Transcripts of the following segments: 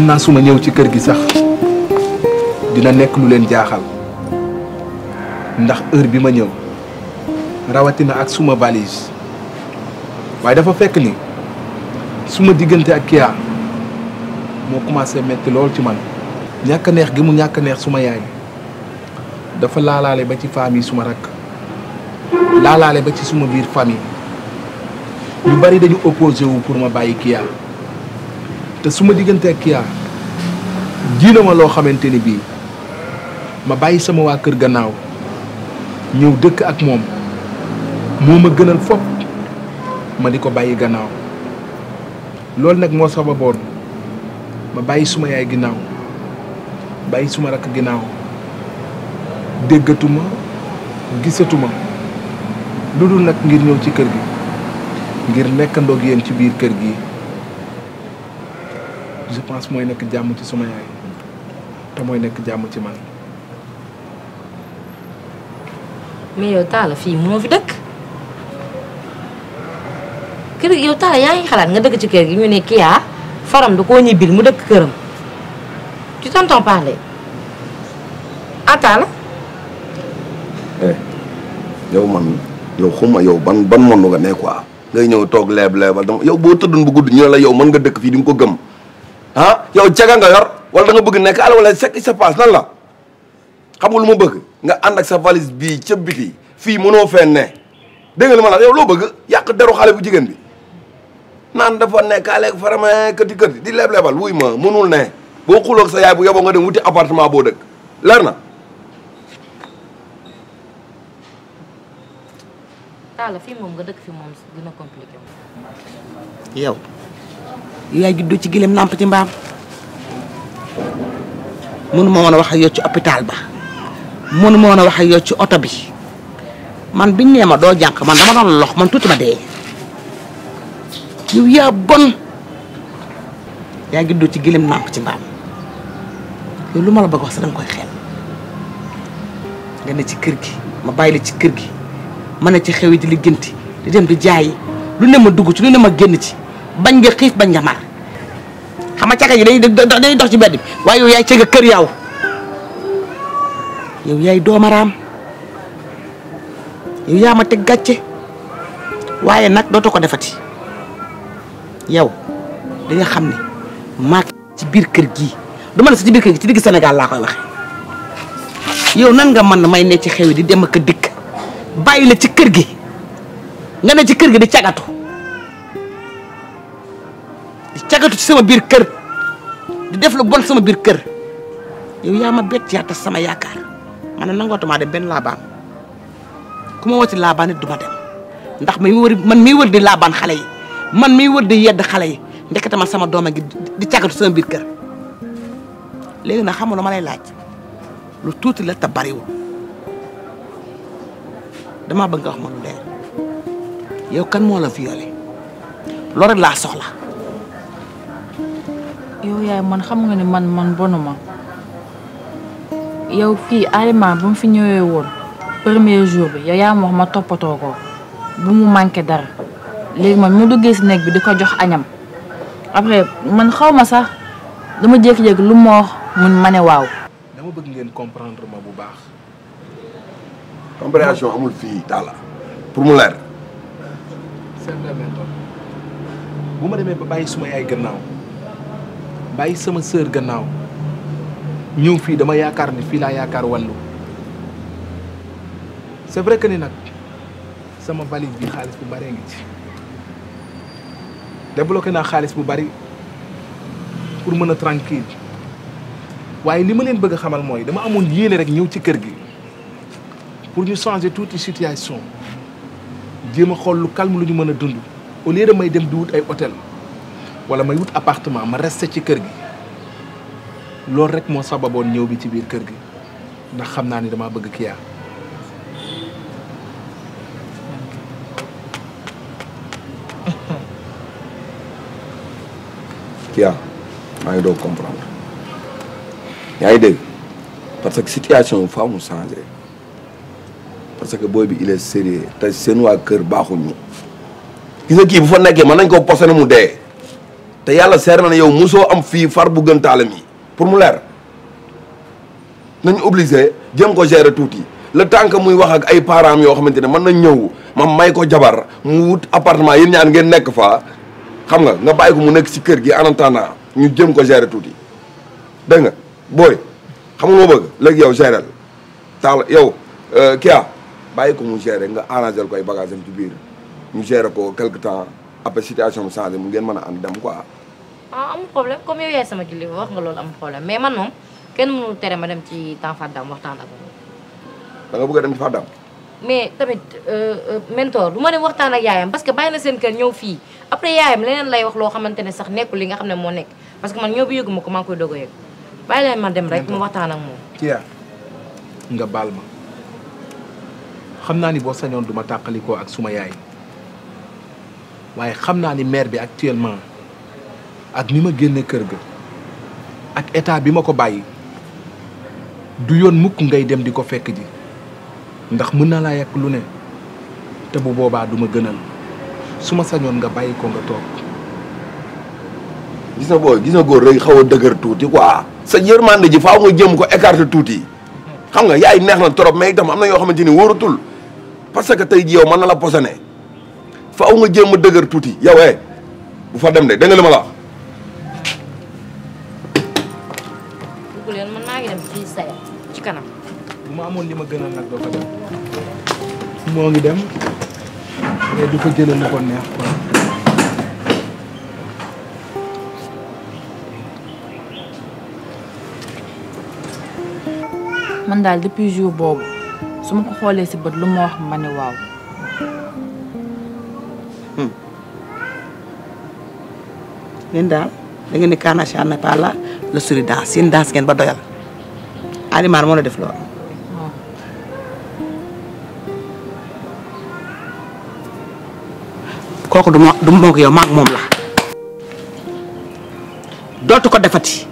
xam naa su ma ñëw ci kër gi sax dina nekk lu leen jaaxal ndax heure bi ma ñëw rawatina ak suma valise waaye dafa fekk ni suma diggante ak Kya moo commencé metti lool ci man. ñàkk neex gi mu ñàkk neex suma yaay dafa laalaale ba ci famille suma rakk laalaale ba ci suma biir famille lu bari dañu opposé wu pour ma bàyyi Kya. te su ma diggante ak Kya jiina ma loo xamante ni bii ma bàyyi sama waa kër gannaaw ñëw dëkk ak moom moo ma gënal fopp ma di ko bàyyi gannaaw loolu nag moo sababoon ma bàyyi suma yaay ginnaaw bàyyi suma rakk ginnaaw déggatuma gisatuma lu dul nag ngir ñëw ci kër gi ngir nekkandoog yéen ci biir kër gi je pense moy nek jàmm ci suma yaay ta moy nek jàmm ci man mais yow taala fi mo fi dekk kër yow taala yaay ngi xalaat nga dekk ci kër gi ñu nekk ya faram du ko ñibil mu dekk kërëm tu t'entends parler ah eh yow man yow xuma yow ban ban monde nga ne quoi ngay ñew tok leb leebal dama yow bo tëddoon bu gudd ñu la yow man nga dekk fi di ko gëm yow jaga nga yor wala da nga bëgg nek ala wala sék sa passe nan la xamul mu bëgg nga and ak sa valise bi ci biti fi mëno fe ne dégg nga luma la yow lo bëgg yàq deru xalé bu jigen bi nan dafa ala ak farama eh, këti këti di leb-lebal wuy ma mënul ne xul ak sa yaay bu yobo nga dem wuti appartement bo dëkk leer na taala fii nga dëkk fi moom dina compliqué yow yaa juddoo ci gilem nàmp ci mbaam mënuma woon a wax ak yow ci hôpital ba mënuma woon a wax ak yow ci oto bi man biñ nee ma doo jànq man dama doon lox man tuuti ma dee yow yaa bon yaa ngi dugg ci gëlëm nàmp ci mbaam yow lu ma la bëgg wax sax danga koy xel nga ne ci kër gi ma bàyyi la ci kër gi ma ne ci xew yi di liggéenti di dem di jaayi lu ne ma dugg ci lu ne ma génn ci bañ nga xiif bañ nga mar xam nga caka yi day day dox ci mbedd bi waaye yow yaay cëgg kër yaw yow yaay doomaraam yow yaa ma teg gàcce waaye nag dootoo ko defati yow di nga xam ne maak ci biir kër gi du ma ne sa ci biir kër gi ci digg Sénégal laa koy yow nan nga mën may ne ci xew yi di dem ak a dikk bàyyi la ci kër gi nga ne ci kër gi di cagatu. ragatu ci sama bir kër di def lu bon sama bir kër yow ya ma bett ya ta sama yakar. man na ngotuma de ben laban kuma ma wati laabaan duma dem ndax may wër man mi wër di laban xalé yi man mi wër di yedd xalé yi ndekata sama doma gi di càggatu sama bir kër léegi na xamul ma lay laaj lu tuti la te wu dama bëgg wax ma lu leer yow kan mo la violé loolu la soxla yow yaay man xam nga ni man man bonuma yow fi Alima ba mu fi ñëwé woon premier jour bi yow ya, yaa ma wax ma topato ko bu mu manké dara léegi man mu duggé ci nek bi diko jox añam après man xawma sax dama jék jék lu mo wax mun mané waw dama bëgg ngeen comprendre ma bu baax. compréhension amul fi dala pour mu leer. seen bu buma démé ba bàyyi suma yaay gannaaw. bàyyi sama sœur gannaaw ñëw fii dama yaakaar ni fii laa yaakaar wàllu c'est vrai que ni nag sama valise bi xaalis bu bëree ngi ci débloqué naa xaalis bu bari pour mën a tranquille waaye li ma leen bëgg a xamal mooy dama amoon yéene rek ñëw ci kër gi pour ñu changer tuuti situation jéem a xool lu calme lu ñu mën a dund au lieu de may dem di wut ay hôtel wala may wut appartement ma resté ci kër gi loolu rek moo sababoon ñëw bi ci biir kër gi ndax xam naa ni damaa bëgg Kia Kia maa ngi doog comprendre yaa ngi dégg parce que situation faaw mu changé parce que booy bi il est sérieux te seen waa kër baaxuñu gis nga kii bu fa nekkee mën nañ koo posé na mu dee te yàlla la na ne yow mosoo am fii far bu gën taalam yi pour mu leer nañu obligé jëm ko gérer tuuti le temps que muy wax ak ay parents yoo xamante ne mën nañ ñëw ma may ko jabar mu wut appartement yéen ñaan ngeen nekk fa xam nga nga bàyyi ko mu nekk si kër gi en na ñu jëm ko gérer tuuti dégg nga booy xam nga moo bëgg léegi yow gérer taal yow euh, kia bàyyi ko mu gérer nga arrangé ko ay bagages am ci biir mu gérer ko quelque temps. après situation bi changer mu ngeen meuna a dem quoi. ah am problème comme yow yé sama julli wax nga lolou am problème mais man moom kenn mënul téré ma dem ci temps Fadam waxtan ak da nga bëgg dem ci Fadam. mais tamit euh eh, mentor duma ma dem waxtaan ak yaayam parce que bayina sen seen kër ñëw fii après yaayam leneen lay wax lo xamantene sax nekkul li nga xam mo moo nekk parce que man ñoo bi yëgu ma ko koy dogo a yëg bàyyi ma dem rek mu waxtan ak moom. Thia nga balma xamna ni bo sañon duma takaliko ak suma yaay. waaye xam naa ni maire bi actuellement ak ni ma génne kër ga ak état bi ma ko bàyyi du yoon mukk ngay dem di ko fekk ji ndax mën na laa yàq lu ne te bu boobaa du ma gënal su ma sañoon nga bàyyi ko nga toog. gis na booy gis nga góor rek xaw a dëgër tuuti ah sa yërmande ji faa nga jëm ko écarter tuuti xam nga yaay neex na trop mais itam am na yoo xamante ni wóoratul parce que tey ji yow mën na la posone faaw nga jéem dëgër tuuti yow eh, bu fa dem de dégg ma la wax. dugg ngi dem fii Seye ci kanam. mu amoon li ma gënal nag doo fa dem. moo ngi dem mais du ko jëlee lu daal depuis jour boobu su ma ko xoolee si bët lu ma wax ma ne waaw. yéen dal da ngeen ni kana sha na pala le suridan sin das ngeen ba ya. doyal Alimar moo la def lool koku du ma ko yow mak mom la dotu ko defati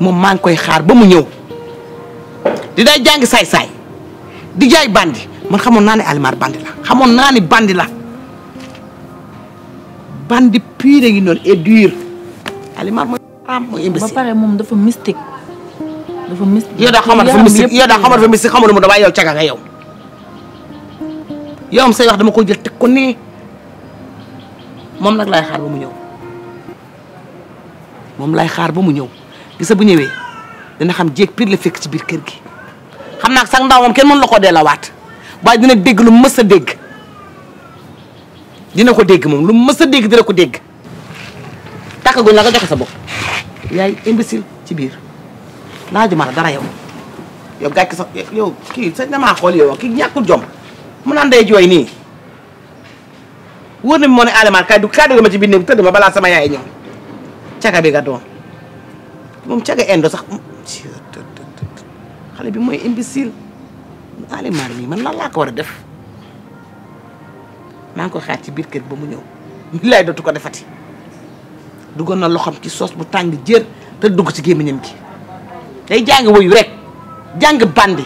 mom maa koy xaar ba mu ñew di day jang say say di jay bandi man xamone naa ne Alimar bandi la xamone naa bandi la. bandi pure ngi noonu et dur. Alimar mooy xaram mooy imbécile. ba pare moom dafa mystique. dafa mystique yow daa xamal dafa mystique yow daa xamal dafa mystique xamal mu damay yow caga nga yow. yow am say wax dama ko jël teg ko nee moom nag laay xaar ba mu ñëw moom laay xaar ba mu ñëw gisa bu ñëwee dina xam jéeg pire la fekk ci biir kër gi. xam naa sax ndaw moom kenn mën la koo dellawaat waaye dina dégg lu mës a dégg dina ko dégg moom lu mës a dégg dina ko dégg tàkkaguñ la nga sa bopp yaay imbécile ci biir laajuma la dara yow yow gàcc sax yow kii sax damaa xool yow jom mu naan day jooy nii wóor na moo ne Aliouma kay du kaddu ma ci biir néeg tëdd ma balaa sama yaay ñëw caga bi nga doon moom caga indo sax xale bi mooy imbécile Aliouma mii man lan laa ko war a def. maa ngi ko ci biir kër ba mu ñëw billaay dootu ko defati duggoon na loxam ci soos bu tàng jër te dugg ci gémmiñam bi day jàng wuyu rek jàng bandi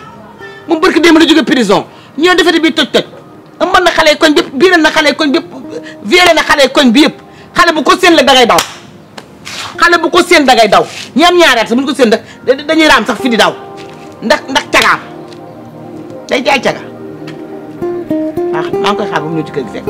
moom barki démb la jóge prison ñoo defati bii toj toj ëmbal na xale koñ bii biiral na xale koñ bépp violé na xale koñ bi yëpp xale bu ko seen la dangay daw xale bu ko seen dangay daw ñi am ñaari sax bu ñu ko seen da dañuy raam sax fi di daw ndax ndax cagaam day jaay caga baax maa ngi koy xaar ba mu ñëw ci kër gi fekk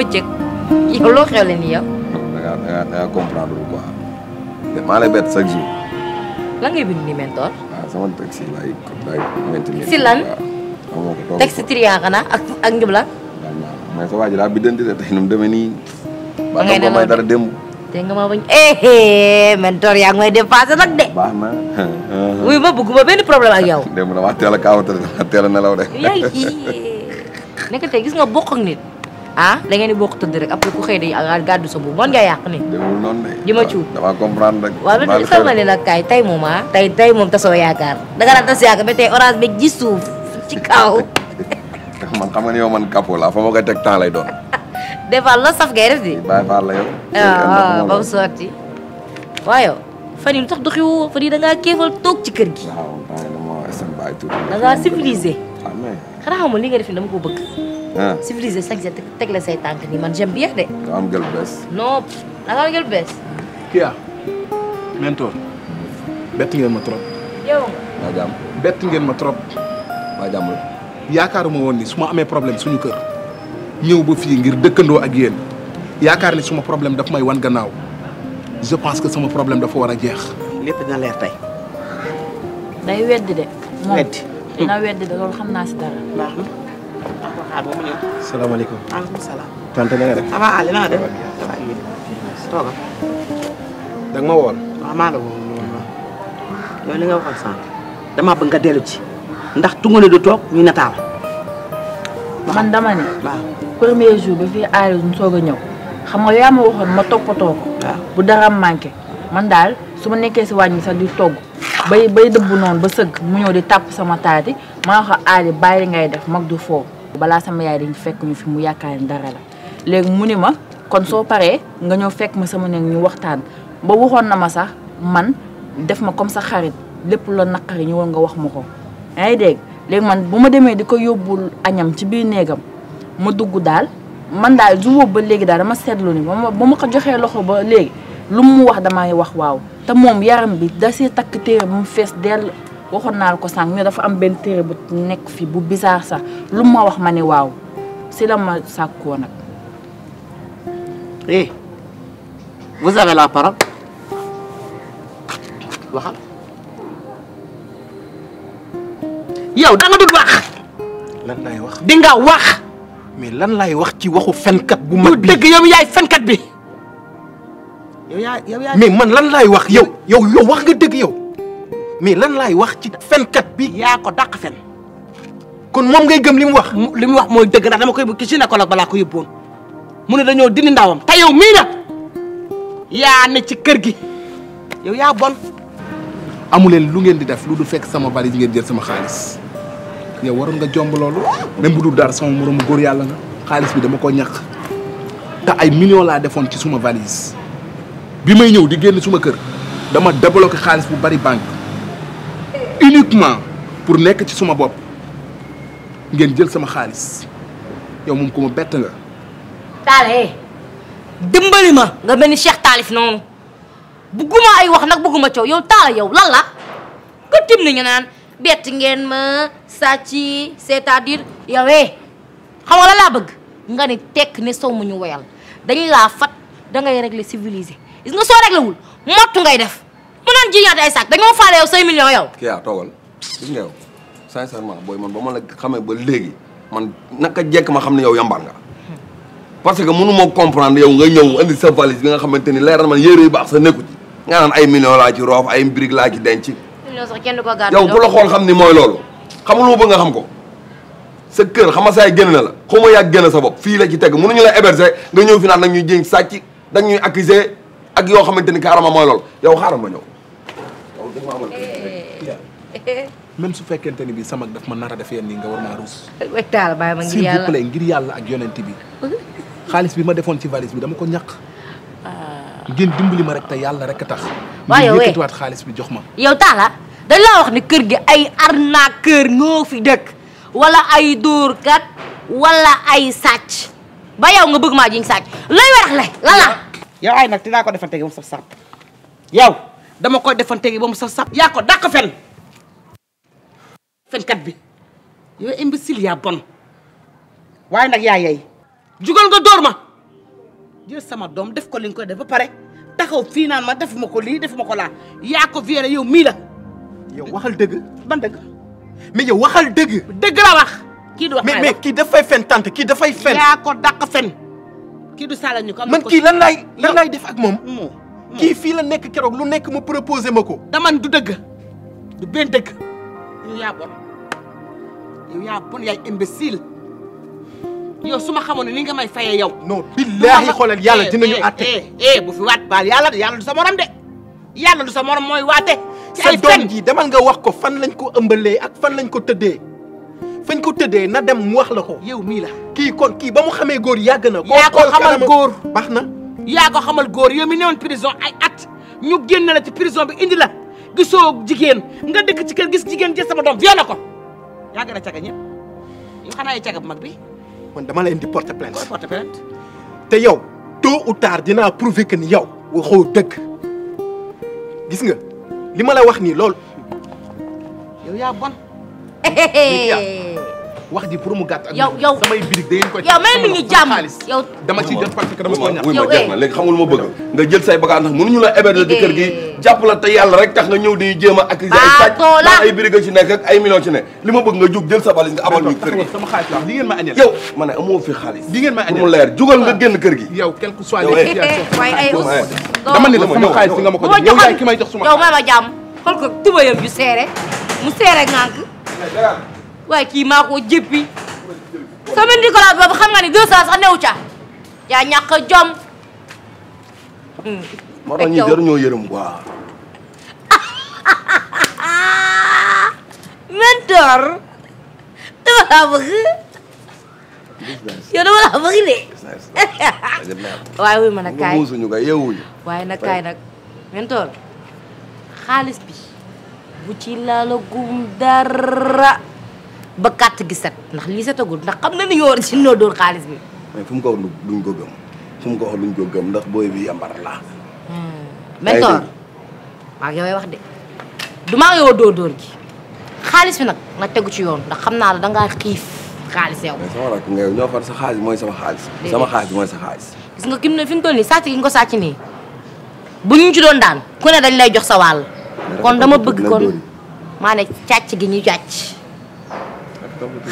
bëccëg yow loo xewle ni yow. da ngaa da comprendre lu quoi. maa lay bett chaque jour. ngay bind ni mentor. waaw nah, sama taxi si lan taxi trian xanaa ak ak njubla. mais sa waa laa biddanti de tey nu mu demee nii. ba eh mentor yaa ngi may dépassé nag de. baax na. ma bëgguma benn problème ak yow. démb damaa teel a kaawate teel a nelaw de. yaay nekk tey gis nga bokk ak nit ah da ini buat bokk tëdd rek après ku agak day gàddu sa buum noonu nga yàq ni demul noonu de jëma cuub dama comprendre rek waaw mais xam na ne nag kaay tey moom ah tey tey moom tasoo yaakaar da nga daan tas yaakaar ba tey orange bi ji suuf ci kaw man xam nga ne yow man kapo la fa ma koy teg temps lay doon des la saf ngay def di bàyyi faal la yow waaw ba mu sotti waaw yow lu tax doxiwoo fan da ngaa kéefal toog ci kër gi waaw da ngaa civilisé xanaa xamul li nga def ni dama ko bëgg سيفليز ساك تقلا سيتان كني bien, جنبي يا عم قلبس نوب انا قلبس كيا منتور bett ngeen ma trop yow ma jam bett ngeen ma trop ma jamul yaakaaruma woon ni suma un problème suñu kër ñëw ba fii ngir dëkkandoo ak yéen yaakaar ni suma problème daf may wan gannaaw je pense que sama problème dafa war a jeex lépp dina leer tey day wedd de weddi dina wedd de loolu xam naa si dara Assalamualaikum. ba mu ñëw. tante na nga def. ça va Aliou na nga def. ça va Aliou toogal. da nga ma woon. waaw maa la woon yow li nga waxoon ci ndax tungu ba fii Aliou soog a ñëw xam nga yaa ma waxoon ma toppatoo ko. bu dara manqué man daal su ma nekkee si wàññi sax di togg. bay bay dëbb noonu ba sëgg mu ñëw di tàpp sama taati maa ko aali bàyyi ngay def mag du foofu balaa sama yaay dañ fekk ñu fi mu yaakaar ni dara la léegi mu ni ma kon soo paree nga ñëw fekk ma sama néeg ñu waxtaan ba waxoon na ma sax man def ma comme sa xarit lépp la naqari ñëwal nga wax ma ko yaa ngi dégg léegi man bu ma demee di ko yóbbul añam ci biir néegam ma dugg daal man daal ju ba léegi daal dama seetlu ni ba ma ma ko joxee loxo ba léegi lu mu wax damay wax waaw te moom yaram bi da see takk téere bi mu fees dell waxoon naa la ko sànq ne dafa am benn téere bu nekk fi bu bizarre sa lu ma wax ma ne waaw si la ma sàkkoo nag. eh vous avez la parole waxal yow da wax. lan wax di mais lan lay wax ci waxu fenkat bu mag bi dëgg yow yaay fenkat bi. yow yow yaa mais man lan lay wax yow yow yow wax nga dëgg yow. mais lan lay wax ci kat bi ya ko dak fen kon mom ngay gem lim wax lim wax moy deug ndax dama koy ko gynécologue bala ko yobon mune dañu dindi ndawam ta yow mi nag ya ne ci kër gi yow ya bon amulen lu ngeen di def lu du fek sama valise ngeen jël sama xaliss ya waroon nga jomb loolu même bu du dar sama morom gor yalla nga xaliss bi dama ko ñak ta ay million la defon ci suma valise bi may ñew di génn suma kër dama débloquer xaliss bu bari banque uniquement pour nekk ci suma bopp ngeen jël sama xaalis yow moom ku ma bett nga. Taale dimbali ma nga mel ni Cheikh Taalif noonu bugguma ay wax nag bugguma coow yow Taala yow lan la ko tim nañu naan bett ngeen ma sàcc c'est-à-dire yow eh xam nga la laa bëgg nga ne tekk ne sow ñu woyal dañu laa fat da ngay régler civilisé gis nga soo réglé wul mottu ngay def mana naan jiyaate ay Dengan da nga ma faale yow say millions yow. kii yaa toogal gis nga yow sincèrement booy man ba ma la xamee ba léegi man naka jekk ma xam ne yow yambaar nga. parce que munu mo comprendre yow nga ñew andi sa valise bi nga xamanteni leral man yéré yu baax sa neeku ci nga nan ay million la ci roof ay briques la ci denc. yow bu la xol xamni moy lolu xamul mo bëgg nga xam ko. sa kër xama say saay na la xuma yaa sa bop fi la ci munu ñu la héberger nga ñew fi naan nak ñu jéem sacc dañ ñuy accuser ak yo xamanteni karama moy mooy yow xaram ma ñëw Memang suka amul même su fekkente ni bi sama daf ma nar a def yenn nii nga war maa ruus wegtaal bàyyi ma ngir yàlla s'il vous plaît ngir yàlla ak yonent bi xaalis bi ma defoon ci valise bi dama ko ñàkk ah. ngeen dimbali ma rek te yàlla rek a tax waaw yow eh. yëkkatiwaat bi jox ma yow taala dañ laa wax ne kër gi ay arnaqueur fi wala ay wala ay ba yow nga bëgg jiñ warax la la yow ay ko defante yow dama koy defante gi ba mu saf saf yaa ko dàq fen fenkat bi yoo imbécile yaa bon waaye nag yaa yey jugal nga door ma jël sama doom def ko li nga koy def ba pare taxaw fii naan ma defuma ko lii defuma ko laa yaa ko violé yow mii la yow waxal dëgg ban dëgg mais dëgg dëgg la wax kii du wax mais mais kii dafay fen tante kii dafay fen yaa ko dàq ñu ko man kii lan laay lan laay def ak moom kii fii la nekk keroog lu nekk mu proposé ma ko. daman du dëgg du benn dëgg yow yaa bon yow yaa yaay imbécile yow su ma xamoon ne li nga may fayee yow. non billaahi xoolal yàlla eh, dinañu eh, àtte. Eh, eh bu fi waat baal yàlla yàlla du sa morom de yàlla du sa morom mooy waate. ci ay fen sa doom ji demal nga wax ko fan lañ ko ëmbalee ak fan lañ ko tëddee. fañ ko tëddee na dem mu wax la ko. yow mii la. kii kon kii ba mu xamee góor yàgg na. koo ko xamal góor baax na. yaa ko xamal góor yow mi newoon prison ay at ñu génn la ci prison bi indi la gisoo jigéen nga dëkk ci kër gis jigéen jël sama doom violé ko yaa gën a caga ñëpp yow xanaa ay caga bu mag bi. man dama la indi porte plainte. te yow tôt ou tard dinaa prouver que ni yow waxoo dëgg gis nga li mala wax nii lool yow yaa bon. wax di pour mu gatt ak yow yow samay birig da ngeen ko yow may nit jam yow dama ci def parce que dama ko ñaan yow ma na léegi xamul mo bëgg nga jël say bagage ndax mënuñu la héberger ci kër gi japp la te yalla rek tax nga ñëw di jéem ak ay sàcc ndax ay birig ci nek ak ay million ci nek lima bëgg nga juk jël sa valise nga abal ñu kër gi sama xaalis wax di ngeen ma andel yow mané amo fi xaalis di ngeen ma andel mu leer jugal nga genn kër gi yow quel que soit les situations way ay dama ni la sama xaalis nga mako ko yow yaay ki may jox suma yow ma ma jàmm xool ko tubayam yu séré mu seere ngànk waaye kii maa koo jébbi sama Nicolas boobu xam nga ni deux cent sax newu ca yaa ñàkk jom moo tax ñi jor ñoo yërëm quoi mentor dama la bëgg yow dama la bëgg de waaye wuy ma nag kaay muusuñu ko yeewuñu way na kay nak mentor xaalis bi bu ci la lo gum dara ba carte gi set ndax lii setagul ndax xam na ni ñoo war si noo dóor xaalis bi. mais ko wax duñ ko gëm ko wax duñ ko gëm ndax booy bi yambar laa. Hmm. mentor maa ngi wax de du maa yow door dóor gi xaalis bi nag nga tegu ci yoon ndax xam naa la dangaa xiif xaalis yow. mais sama rakk nga yow ñoo far sa xaalis mooy sama xaalis. sama xaalis mooy sa xaalis. gis nga kim ne fi mu toll nii sàcc gi nga ko sàcc nii bu ñu ci doon daan ku ne dañ lay jox sa wàll. kon dama bëgg kon maa ne càcc gi ñu càcc.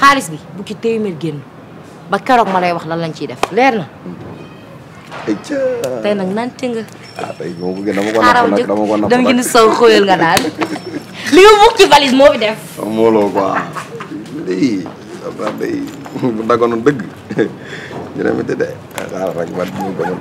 xaalis bi bu ci téeméer génn ba keroog ma lay wax lan lañ ciy def leer na. tey nag nante nga. ah tey moo ko gën ko napp nag dama ko napp dama a sow xóoyal nga daal. li nga mukk ci moo fi def. mooloo quoi lii xam naa dëgg ñu ne ma déedéet xaaral rek man dinañ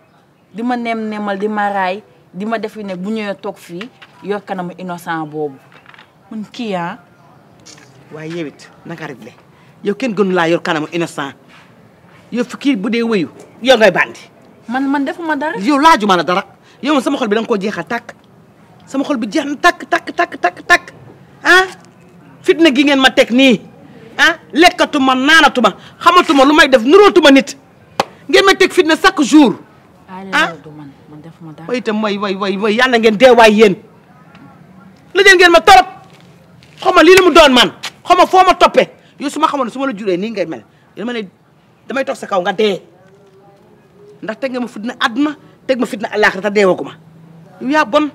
di ma neem neemal di ma raay di ma def yu ne bu ñëwee toog fii yor kanamu innocent boobu mun kii ah. waaye yow it naka réglé yow kenn gënu laa yor kanamu innocent yow fi kii bu dee wéyu yow ngay bandi. man man defuma dara. yow laajuma la dara yow sama xol bi da nga koo jeexal tàkk sama xol bi jeex na tàkk tàkk tàkk tàkk tàkk ah. fitna gi ngeen ma teg nii ah lekkatuma naanatuma xamatuma lu may def nurootuma nit ngeen ma teg fitna chaque jour. ah way itam way way way way yàlla ngeen deewaay yéen la jël ngeen ma torop xaw ma lii mu doon man xaw ma foo ma toppee yow su ma xamoon su ma la juree nii ngay mel dama ne damay toog sa kaw nga dee ndax teg nga ma fitna àdduna teg ma fitna àllaaxira te deewagu ma yow yaa bon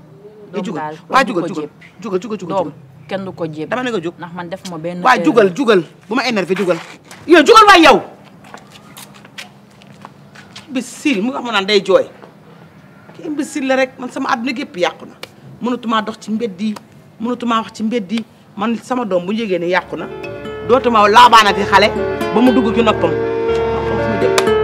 nga jugal waa jugal jugal jugal jugal kenn du ko jéem dama ne nga jug ndax man benn waa jugal jugal bu ma énervé jugal yow jugal waay yow imbécile mu nga xam naan day jooy ki imbécile la rek man sama àdduna gépp yàqu na mënatumaa dox ci mbedd di mënatumaa wax ci mbedd yi man sama doom bu ñu yëgee ne yàqu na dootuma laabaanati xale ba mu dugg ci noppam noppam fu mu jëm